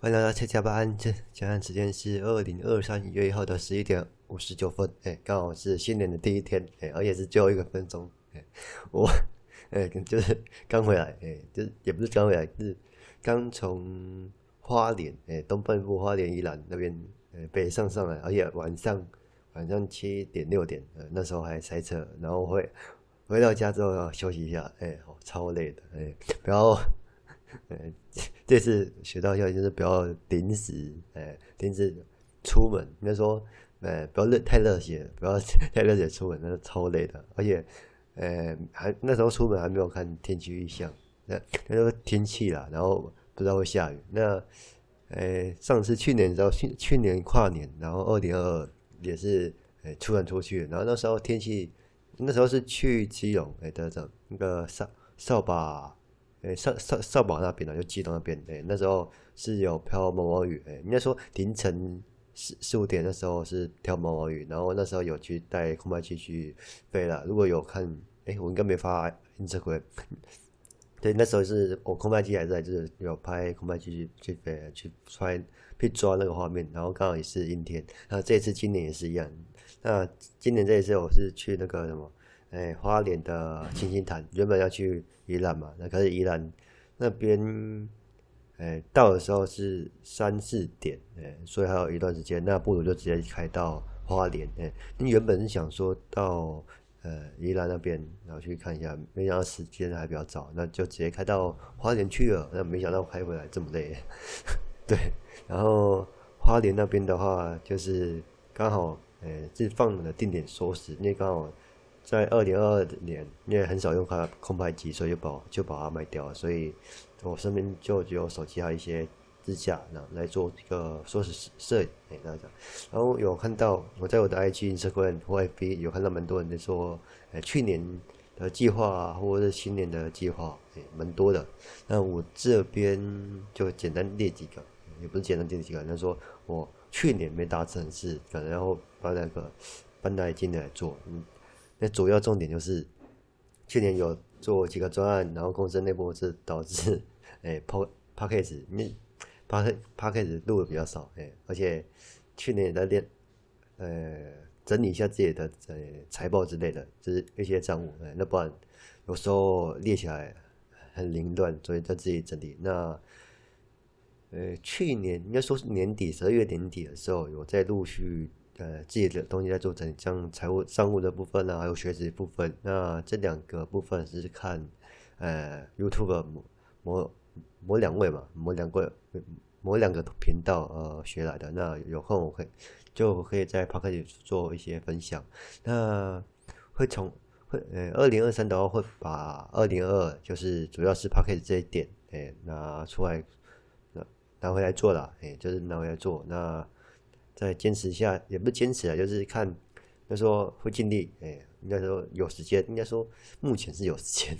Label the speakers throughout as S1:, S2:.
S1: 歡迎大家參加班，安，這加上時間是二零二三年一月一號的十一點五十九分，誒剛好是新年的第一天，誒而且是最後一個分鐘，誒我，誒就是剛回來，誒就是也不是剛回來，是剛從花蓮，誒東半部花蓮宜蘭那邊，北上上來，而且晚上晚上七點六點，呃，那時候還塞車，然後回回到家之後要休息一下，好超累的，誒然後。呃、哎，這次學到要就是不要臨時，哎，臨時出門。那時候，呃、哎，不要熱太熱血，不要太熱血出門，那就超累的。而且，呃、哎，還那時候出門還沒有看天氣預象，那那時候天氣了，然後不知道會下雨。那，誒、哎，上次去年的時候，然後去去年跨年，然後二點二也是，誒、哎，突然出去，然後那時候天氣，那時候是去基隆，誒、哎，等等，那個掃掃把。誒、欸，上上上馬那邊呢，就基隆那邊。哎，那時候是有飄毛毛雨。誒、欸，應該說凌晨四四五點的時候是飄毛毛雨，然後那時候有去帶空拍機去飛了。如果有看，誒、欸，我應該沒發。這回，對，那時候是我空拍機還在，就是有拍空拍機去去背去拍被抓那個畫面，然後剛好也是陰天。然後這一次今年也是一樣。那今年這一次我是去那個什麼？哎，花蓮的七星潭，原本要去宜蘭嘛，那可是宜蘭那邊，哎，到的時候是三四點，哎，所以還有一段時間，那不如就直接開到花蓮，哎，你原本是想說到呃宜蘭那邊然後去看一下，沒想到時間還比較早，那就直接開到花蓮去了，那沒想到開回來這麼累， 對，然後花蓮那邊的話，就是剛好，哎，是放了定點收拾那剛好。在二零二二年，因為很少用它空拍機，所以就把它賣掉了。所以，我身邊就只有手機還有一些支架，那來做一個說是攝影、哎、那樣、個。然後有看到我在我的 IG Instagram 或 FB 有看到蠻多人在說、哎，去年的計劃或者是新年的計劃，哎、蠻多的。那我這邊就簡單列幾個，也不是簡單列幾個，他說我去年沒達成是，然後把那個搬來今年來做。嗯那主要重點就是，去年有做幾個專案，然後公司內部是導致，哎、欸，拋 podcast 那 podcast podcast 錄的比較少，哎、欸，而且去年也在練，呃、欸，整理一下自己的呃財、欸、報之類的，就是一些賬務、欸，那不然有時候列起來很凌亂，所以在自己整理。那呃、欸，去年應該說是年底，十二月底底的時候，有在陸續。呃，自己的東西在做成，像財務、商務的部分啊，還有學習部分，那這兩個部分是看呃 YouTube 某某，某兩位嘛，某兩個某兩個頻道呃學來的。那有，有空我可以就可以在 pocket 做一些分享。那會從會呃二零二三的話，會把二零二二就是主要是 pocket 這一點誒、呃、拿出來拿拿回來做了誒、呃，就是拿回來做那。再堅持一下，也不堅持啊，就是看，那時候會盡力，哎、欸，應該說有時間，應該說目前是有時間，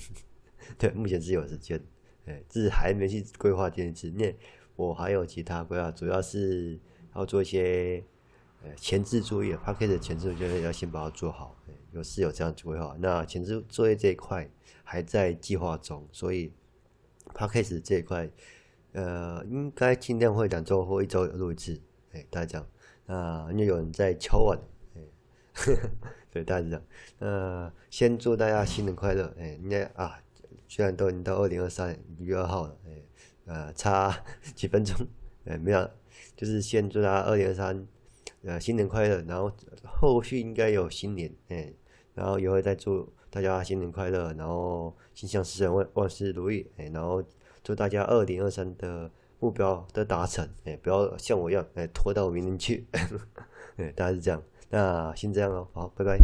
S1: 對，目前是有時間，哎、欸，只是還沒去規劃這件事，因為我還有其他規劃，主要是要做一些呃、欸、前置作業 Podcast 前置作業要先把它做好，欸、有是有這樣規劃，那前置作業這一塊還在計劃中，所以 Podcast 這一塊，呃，應該盡量會兩週或一週錄一次，哎、欸，大概這樣。啊，因為有人在敲碗，哎，呵呵，所以大家，呃，先祝大家新年快樂，哎，應該啊，雖然都已經到二零二三一月二號了，哎，啊、呃，差幾分鐘，哎，沒有，就是先祝大家二零二三，呃，新年快樂，然後後續應該有新年，哎，然後也會再祝大家新年快樂，然後心想事成，萬萬事如意，哎，然後祝大家二零二三的。目標的達成，哎、欸，不要像我一樣，哎、欸，拖到明年去，哎、 欸，大概是這樣。那先這樣咯，好，拜拜。